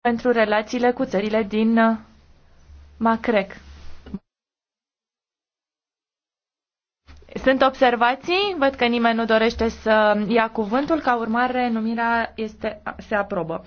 pentru relațiile cu țările din uh, Macrec. Sunt observații, văd că nimeni nu dorește să ia cuvântul, ca urmare numirea este, se aprobă.